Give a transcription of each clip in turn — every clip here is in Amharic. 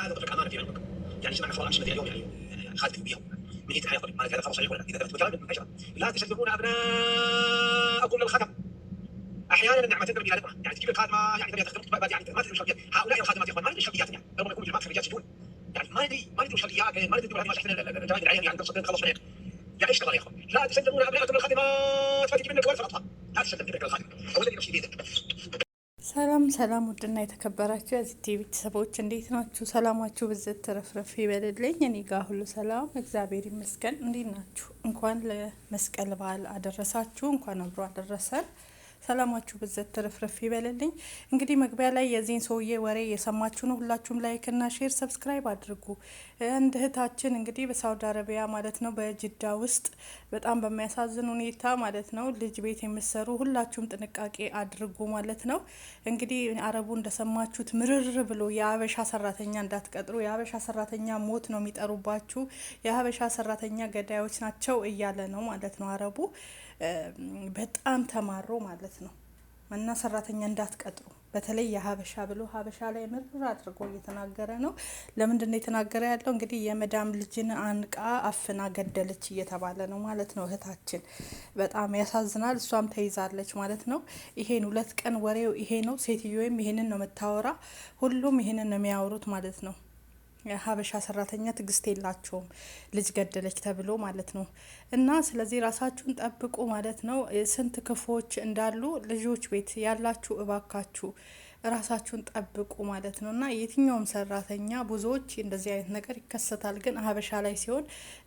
هذا طبق امانه في بينكم يعني ايش معنى حوار الشبه اليوم يعني خالد بيهم من هي الحياه طريق هذا خبر صحيح ولا اذا ثبت بكلام مباشره لا تشذبون ابناءكم للخدم احيانا النعمه تندم الى نقمه يعني تجيب الخادمه يعني بعد يعني ما تدري الخلفيات هؤلاء الخادمات يا اخوان ما ندري الخلفيات يعني ربما يكون جماعه خريجات يجون يعني ما ندري ما ندري الخلفيات يعني ما ندري هذه احنا العين يعني نخلص منك يا ايش تبغى يا اخوان؟ لا تشذبون ابناءكم للخدمات فتجيب منك ورثه لا تشذب ابنك للخادمه او الذي نفسي بيدك ሰላም ሰላም፣ ውድና የተከበራችሁ የዚህ ቲቪ ቤተሰቦች እንዴት ናችሁ? ሰላማችሁ ብዝት ተረፍረፍ ይበልልኝ። እኔ ጋ ሁሉ ሰላም እግዚአብሔር ይመስገን። እንዴት ናችሁ? እንኳን ለመስቀል በዓል አደረሳችሁ። እንኳን አብሮ አደረሰን። ሰላማችሁ ብዘት ትርፍርፍ ይበልልኝ። እንግዲህ መግቢያ ላይ የዚህን ሰውዬ ወሬ የሰማችሁ ነው። ሁላችሁም ላይክ እና ሼር ሰብስክራይብ አድርጉ። እንድ እህታችን እንግዲህ በሳውዲ አረቢያ ማለት ነው በጅዳ ውስጥ በጣም በሚያሳዝን ሁኔታ ማለት ነው ልጅ ቤት የምሰሩ ሁላችሁም ጥንቃቄ አድርጉ ማለት ነው። እንግዲህ አረቡ እንደሰማችሁት ምርር ብሎ የአበሻ ሰራተኛ እንዳትቀጥሩ፣ የአበሻ ሰራተኛ ሞት ነው የሚጠሩባችሁ፣ የአበሻ ሰራተኛ ገዳዮች ናቸው እያለ ነው ማለት ነው አረቡ በጣም ተማሮ ማለት ነው እና ሰራተኛ እንዳትቀጥሩ በተለይ የሀበሻ ብሎ ሀበሻ ላይ ምርር አድርጎ እየተናገረ ነው። ለምንድን ነው የተናገረ ያለው? እንግዲህ የመዳም ልጅን አንቃ አፍና ገደለች እየተባለ ነው ማለት ነው። እህታችን በጣም ያሳዝናል። እሷም ተይዛለች ማለት ነው። ይሄን ሁለት ቀን ወሬው ይሄ ነው። ወይም ይሄንን ነው የምታወራ። ሁሉም ይሄንን ነው የሚያወሩት ማለት ነው። ሀበሻ ሰራተኛ ትግስት የላቸውም ልጅ ገደለች ተብሎ ማለት ነው። እና ስለዚህ ራሳችሁን ጠብቁ ማለት ነው። ስንት ክፉዎች እንዳሉ ልጆች ቤት ያላችሁ እባካችሁ ራሳችሁን ጠብቁ ማለት ነው እና የትኛውም ሰራተኛ ብዙዎች እንደዚህ አይነት ነገር ይከሰታል። ግን ሀበሻ ላይ ሲሆን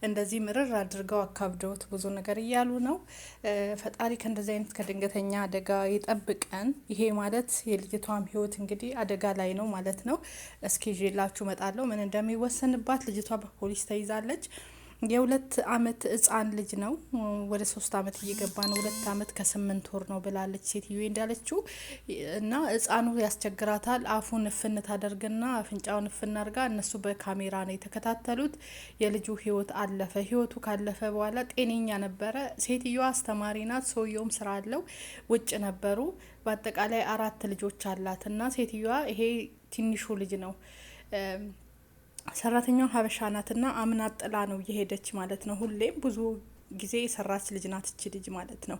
እንደዚህ ምርር አድርገው አካብደውት ብዙ ነገር እያሉ ነው። ፈጣሪ ከእንደዚህ አይነት ከድንገተኛ አደጋ ይጠብቀን። ይሄ ማለት የልጅቷም ህይወት እንግዲህ አደጋ ላይ ነው ማለት ነው። እስኪ ላችሁ መጣለው ምን እንደሚወሰንባት። ልጅቷ በፖሊስ ተይዛለች። የሁለት አመት እፃን ልጅ ነው። ወደ ሶስት አመት እየገባ ነው። ሁለት አመት ከስምንት ወር ነው ብላለች ሴትዮ እንዳለችው እና ህፃኑ ያስቸግራታል። አፉን እፍን ታደርግና አፍንጫውን እፍን አድርጋ እነሱ በካሜራ ነው የተከታተሉት። የልጁ ህይወት አለፈ። ህይወቱ ካለፈ በኋላ ጤነኛ ነበረ። ሴትዮዋ አስተማሪ ናት። ሰውየውም ስራ አለው። ውጭ ነበሩ። በአጠቃላይ አራት ልጆች አላት እና ሴትዮዋ ይሄ ትንሹ ልጅ ነው። ሰራተኛዋ ሀበሻ ናትና አምና ጥላ ነው እየሄደች ማለት ነው። ሁሌም ብዙ ጊዜ የሰራች ልጅ ናት እች ልጅ ማለት ነው።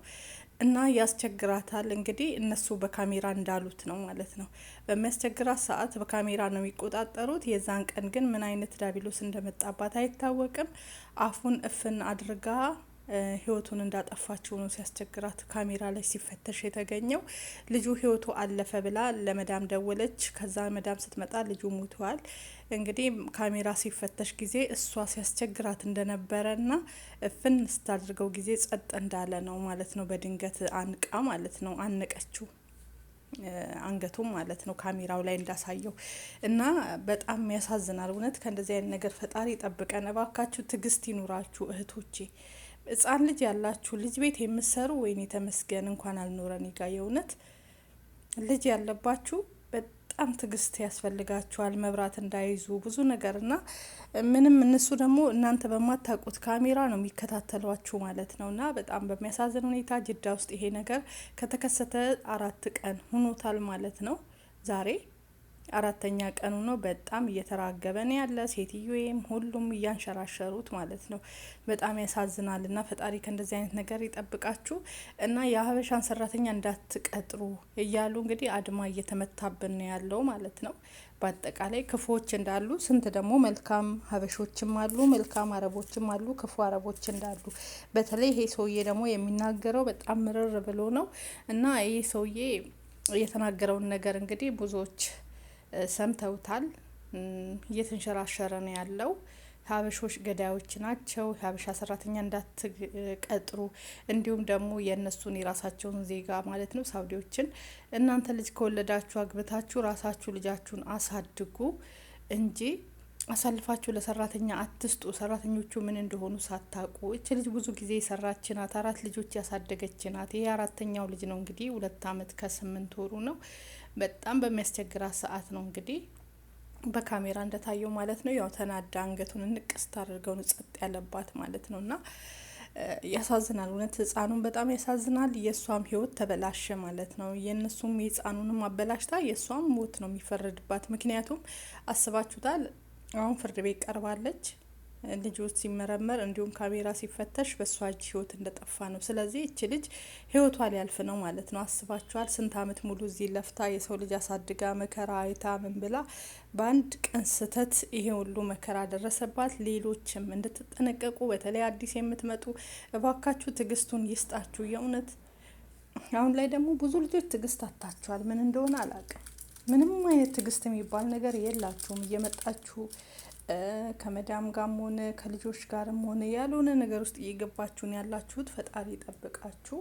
እና ያስቸግራታል እንግዲህ እነሱ በካሜራ እንዳሉት ነው ማለት ነው። በሚያስቸግራት ሰዓት በካሜራ ነው የሚቆጣጠሩት። የዛን ቀን ግን ምን አይነት ዳቢሎስ እንደመጣባት አይታወቅም። አፉን እፍን አድርጋ ህይወቱን እንዳጠፋችው ነው ሲያስቸግራት ካሜራ ላይ ሲፈተሽ የተገኘው። ልጁ ህይወቱ አለፈ ብላ ለመዳም ደወለች። ከዛ መዳም ስትመጣ ልጁ ሞተዋል። እንግዲህ ካሜራ ሲፈተሽ ጊዜ እሷ ሲያስቸግራት ና እፍን ስታድርገው ጊዜ ጸጥ እንዳለ ነው ማለት ነው። በድንገት አንቃ ማለት ነው አነቀችው አንገቱም ማለት ነው ካሜራው ላይ እንዳሳየው እና በጣም ያሳዝናል። እውነት ከእንደዚህ አይነት ነገር ፈጣሪ ጠብቀን። እባካችሁ ትግስት ይኑራችሁ እህቶቼ። ህጻን ልጅ ያላችሁ ልጅ ቤት የምትሰሩ ወይኔ ተመስገን እንኳን አልኖረን ጋ የእውነት ልጅ ያለባችሁ በጣም ትግስት ያስፈልጋችኋል። መብራት እንዳይዙ ብዙ ነገር እና ምንም እነሱ ደግሞ እናንተ በማታውቁት ካሜራ ነው የሚከታተሏችሁ ማለት ነው እና በጣም በሚያሳዝን ሁኔታ ጅዳ ውስጥ ይሄ ነገር ከተከሰተ አራት ቀን ሆኖታል ማለት ነው ዛሬ አራተኛ ቀኑ ነው። በጣም እየተራገበ ነው ያለ ወይም ሁሉም እያንሸራሸሩት ማለት ነው። በጣም ያሳዝናል። እና ፈጣሪ ከእንደዚህ አይነት ነገር ይጠብቃችሁ እና የሀበሻን ሰራተኛ እንዳትቀጥሩ እያሉ እንግዲህ አድማ እየተመታብን ነው ያለው ማለት ነው። በአጠቃላይ ክፉዎች እንዳሉ ስንት ደግሞ መልካም ሀበሾችም አሉ፣ መልካም አረቦችም አሉ፣ ክፉ አረቦች እንዳሉ። በተለይ ይሄ ሰውዬ ደግሞ የሚናገረው በጣም ምርር ብሎ ነው እና ይሄ ሰውዬ የተናገረውን ነገር እንግዲህ ብዙዎች ሰምተውታል። እየተንሸራሸረ ነው ያለው። ሀበሾች ገዳዮች ናቸው፣ የሀበሻ ሰራተኛ እንዳትቀጥሩ፣ እንዲሁም ደግሞ የእነሱን የራሳቸውን ዜጋ ማለት ነው ሳውዲዎችን፣ እናንተ ልጅ ከወለዳችሁ አግብታችሁ ራሳችሁ ልጃችሁን አሳድጉ እንጂ አሳልፋችሁ ለሰራተኛ አትስጡ። ሰራተኞቹ ምን እንደሆኑ ሳታውቁ እች ልጅ ብዙ ጊዜ የሰራች ናት። አራት ልጆች ያሳደገች ናት። ይሄ አራተኛው ልጅ ነው እንግዲህ ሁለት አመት ከስምንት ወሩ ነው። በጣም በሚያስቸግራት ሰዓት ነው እንግዲህ በካሜራ እንደታየው ማለት ነው። ያው ተናዳ አንገቱን እንቅስት አድርገው ጸጥ ያለባት ማለት ነው። እና ያሳዝናል፣ እውነት ህጻኑን በጣም ያሳዝናል። የእሷም ህይወት ተበላሸ ማለት ነው። የእነሱም የህጻኑንም አበላሽታ የእሷም ሞት ነው የሚፈረድባት። ምክንያቱም አስባችሁታል፣ አሁን ፍርድ ቤት ቀርባለች። ልጆች ሲመረመር እንዲሁም ካሜራ ሲፈተሽ በእሷ እጅ ህይወት እንደጠፋ ነው። ስለዚህ እች ልጅ ህይወቷ ሊያልፍ ነው ማለት ነው። አስባችኋል? ስንት አመት ሙሉ እዚህ ለፍታ የሰው ልጅ አሳድጋ መከራ አይታ ምን ብላ በአንድ ቀን ስህተት ይሄ ሁሉ መከራ ደረሰባት። ሌሎችም እንድትጠነቀቁ በተለይ አዲስ የምትመጡ እባካችሁ ትዕግስቱን ይስጣችሁ። የእውነት አሁን ላይ ደግሞ ብዙ ልጆች ትዕግስት አታችኋል። ምን እንደሆነ አላውቅም። ምንም አይነት ትዕግስት የሚባል ነገር የላችሁም እየመጣችሁ ከመዳም ጋርም ሆነ ከልጆች ጋርም ሆነ ያልሆነ ነገር ውስጥ እየገባችሁን ያላችሁት ፈጣሪ ይጠብቃችሁ።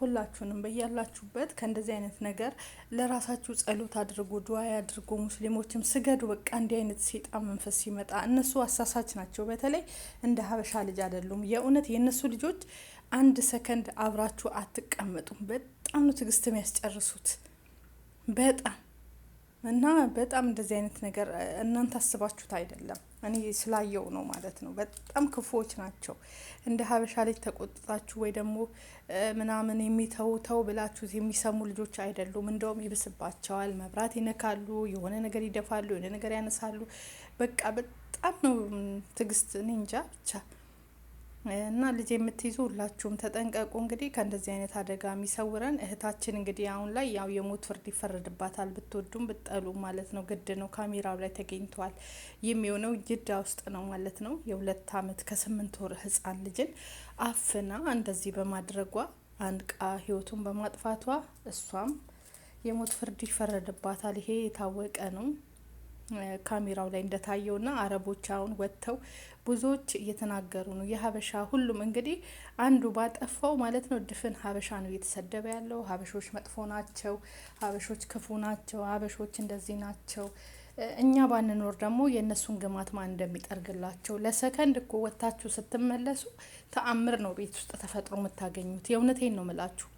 ሁላችሁንም በያላችሁበት ከእንደዚህ አይነት ነገር ለራሳችሁ ጸሎት አድርጎ ዱዓ አድርጎ ሙስሊሞችም ስገዱ። በቃ እንዲህ አይነት ሴጣን መንፈስ ሲመጣ እነሱ አሳሳች ናቸው። በተለይ እንደ ሀበሻ ልጅ አይደሉም። የእውነት የእነሱ ልጆች አንድ ሰከንድ አብራችሁ አትቀመጡም። በጣም ነው ትዕግስት የሚያስጨርሱት በጣም እና በጣም እንደዚህ አይነት ነገር እናንተ አስባችሁት አይደለም፣ እኔ ስላየው ነው ማለት ነው። በጣም ክፉዎች ናቸው። እንደ ሀበሻ ልጅ ተቆጥታችሁ ወይ ደግሞ ምናምን የሚተውተው ብላችሁ የሚሰሙ ልጆች አይደሉም። እንደውም ይብስባቸዋል። መብራት ይነካሉ፣ የሆነ ነገር ይደፋሉ፣ የሆነ ነገር ያነሳሉ። በቃ በጣም ነው ትዕግስት። እኔ እንጃ ብቻ እና ልጅ የምትይዙ ሁላችሁም ተጠንቀቁ። እንግዲህ ከእንደዚህ አይነት አደጋ የሚሰውረን እህታችን እንግዲህ አሁን ላይ ያው የሞት ፍርድ ይፈረድባታል፣ ብትወዱም ብጠሉ ማለት ነው። ግድ ነው። ካሜራው ላይ ተገኝተዋል። የሚሆነው ጅዳ ውስጥ ነው ማለት ነው። የሁለት ዓመት ከስምንት ወር ህጻን ልጅን አፍና እንደዚህ በማድረጓ አንድ ቃ ህይወቱን በማጥፋቷ እሷም የሞት ፍርድ ይፈረድባታል። ይሄ የታወቀ ነው። ካሜራው ላይ ና አረቦች አሁን ወጥተው ብዙዎች እየተናገሩ ነው። የሀበሻ ሁሉም እንግዲህ አንዱ ባጠፋው ማለት ነው ድፍን ሀበሻ ነው እየተሰደበ ያለው። ሀበሾች መጥፎ ናቸው፣ ሀበሾች ክፉ ናቸው፣ ሀበሾች እንደዚህ ናቸው። እኛ ባንኖር ደግሞ የእነሱን ግማት ማን እንደሚጠርግላቸው። ለሰከንድ እኮ ወጥታችሁ ስትመለሱ ተአምር ነው ቤት ውስጥ ተፈጥሮ የምታገኙት። የእውነቴን ነው ምላችሁ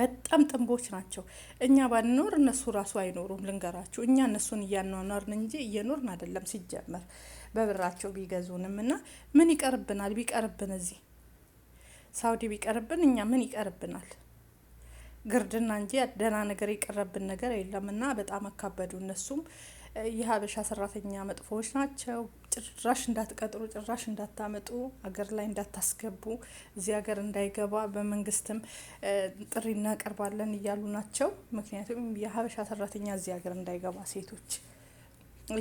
በጣም ጥንቦች ናቸው። እኛ ባንኖር እነሱ ራሱ አይኖሩም። ልንገራችሁ፣ እኛ እነሱን እያኗኗርን እንጂ እየኖርን አይደለም። ሲጀመር በብራቸው ቢገዙንም እና ምን ይቀርብናል? ቢቀርብን እዚህ ሳውዲ ቢቀርብን እኛ ምን ይቀርብናል? ግርድና እንጂ ደህና ነገር የቀረብን ነገር የለም። እና በጣም አካበዱ። እነሱም የሀበሻ ሰራተኛ መጥፎዎች ናቸው። ጭራሽ እንዳትቀጥሩ፣ ጭራሽ እንዳታመጡ፣ አገር ላይ እንዳታስገቡ፣ እዚህ ሀገር እንዳይገባ በመንግስትም ጥሪ እናቀርባለን እያሉ ናቸው። ምክንያቱም የሀበሻ ሰራተኛ እዚህ ሀገር እንዳይገባ ሴቶች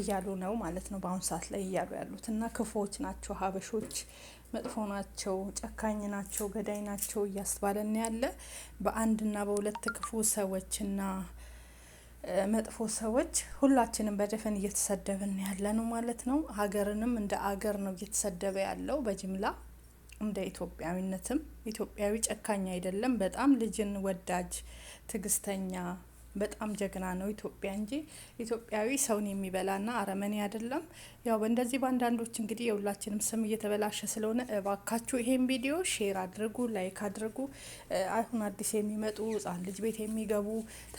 እያሉ ነው ማለት ነው። በአሁኑ ሰዓት ላይ እያሉ ያሉት እና ክፉዎች ናቸው፣ ሀበሾች መጥፎ ናቸው፣ ጨካኝ ናቸው፣ ገዳይ ናቸው እያስባለን ያለ በአንድና በሁለት ክፉ ሰዎችና መጥፎ ሰዎች ሁላችንም በደፈን እየተሰደብን ያለ ነው ማለት ነው። ሀገርንም እንደ አገር ነው እየተሰደበ ያለው በጅምላ እንደ ኢትዮጵያዊነትም ኢትዮጵያዊ ጨካኝ አይደለም። በጣም ልጅን ወዳጅ ትግስተኛ። በጣም ጀግና ነው ኢትዮጵያ እንጂ ኢትዮጵያዊ ሰውን የሚበላና አረመኔ አይደለም። ያው እንደዚህ በአንዳንዶች እንግዲህ የሁላችንም ስም እየተበላሸ ስለሆነ እባካችሁ ይሄን ቪዲዮ ሼር አድርጉ፣ ላይክ አድርጉ። አሁን አዲስ የሚመጡ ህጻን ልጅ ቤት የሚገቡ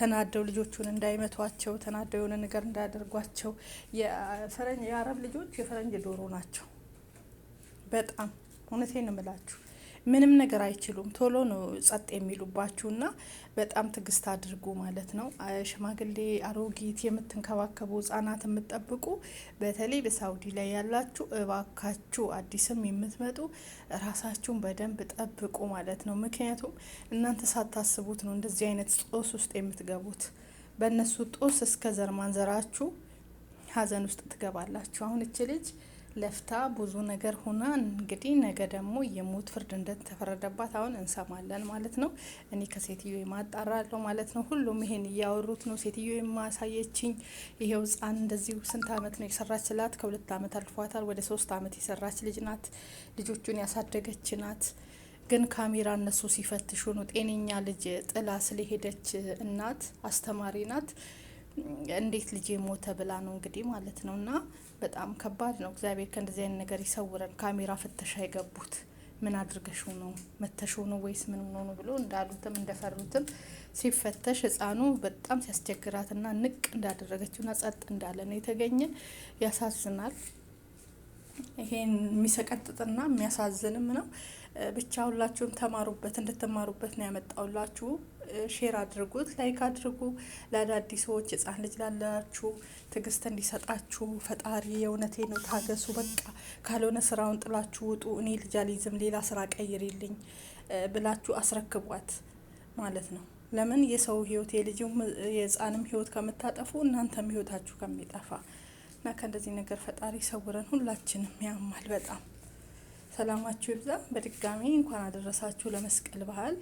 ተናደው ልጆቹን እንዳይመቷቸው ተናደው የሆነ ነገር እንዳያደርጓቸው የአረብ ልጆች የፈረንጅ ዶሮ ናቸው። በጣም እውነቴን እምላችሁ ምንም ነገር አይችሉም። ቶሎ ነው ጸጥ የሚሉባችሁና በጣም ትግስት አድርጉ ማለት ነው። ሽማግሌ፣ አሮጊት የምትንከባከቡ ህጻናት የምትጠብቁ በተለይ በሳውዲ ላይ ያላችሁ እባካችሁ፣ አዲስም የምትመጡ ራሳችሁን በደንብ ጠብቁ ማለት ነው። ምክንያቱም እናንተ ሳታስቡት ነው እንደዚህ አይነት ጦስ ውስጥ የምትገቡት። በእነሱ ጦስ እስከ ዘር ማንዘራችሁ ሀዘን ውስጥ ትገባላችሁ። አሁን እች ልጅ ለፍታ ብዙ ነገር ሆና እንግዲህ ነገ ደግሞ የሞት ፍርድ እንደተፈረደባት አሁን እንሰማለን ማለት ነው። እኔ ከሴትዮ የማጣራለሁ ማለት ነው። ሁሉም ይሄን እያወሩት ነው። ሴትዮ የማሳየችኝ ይሄው ሕፃን እንደዚሁ ስንት ዓመት ነው የሰራች ስላት ከሁለት ዓመት አልፏታል። ወደ ሶስት አመት የሰራች ልጅ ናት። ልጆቹን ያሳደገች ናት። ግን ካሜራ እነሱ ሲፈትሹ ነው ጤነኛ ልጅ ጥላ ስለሄደች እናት አስተማሪ ናት እንዴት ልጄ ሞተ ብላ ነው እንግዲህ ማለት ነው። እና በጣም ከባድ ነው። እግዚአብሔር ከእንደዚህ አይነት ነገር ይሰውረን። ካሜራ ፍተሻ የገቡት ምን አድርገሽው ነው መተሽው ነው ወይስ ምን ሆኖ ብሎ እንዳሉትም እንደፈሩትም ሲፈተሽ ህፃኑ በጣም ሲያስቸግራትና ንቅ ና ጸጥ እንዳለ ነው የተገኘ። ያሳዝናል። ይሄን የሚሰቀጥጥና የሚያሳዝንም ነው። ብቻ ሁላችሁም ተማሩበት፣ እንድትማሩበት ነው ያመጣውላችሁ። ሼር አድርጉት፣ ላይክ አድርጉ። ለአዳዲስ ሰዎች ህጻን ልጅ ላላችሁ ትግስት እንዲሰጣችሁ ፈጣሪ የእውነቴ ነው። ታገሱ፣ በቃ ካልሆነ ስራውን ጥላችሁ ውጡ። እኔ ልጅ አልይዝም ሌላ ስራ ቀይሪልኝ ብላችሁ አስረክቧት ማለት ነው። ለምን የሰው ህይወት የልጅም የህፃንም ህይወት ከምታጠፉ እናንተም ህይወታችሁ ከሚጠፋ እና ከእንደዚህ ነገር ፈጣሪ ሰውረን ሁላችንም ያማል በጣም ሰላማችሁ ይብዛ። በድጋሚ እንኳን አደረሳችሁ ለመስቀል በዓል።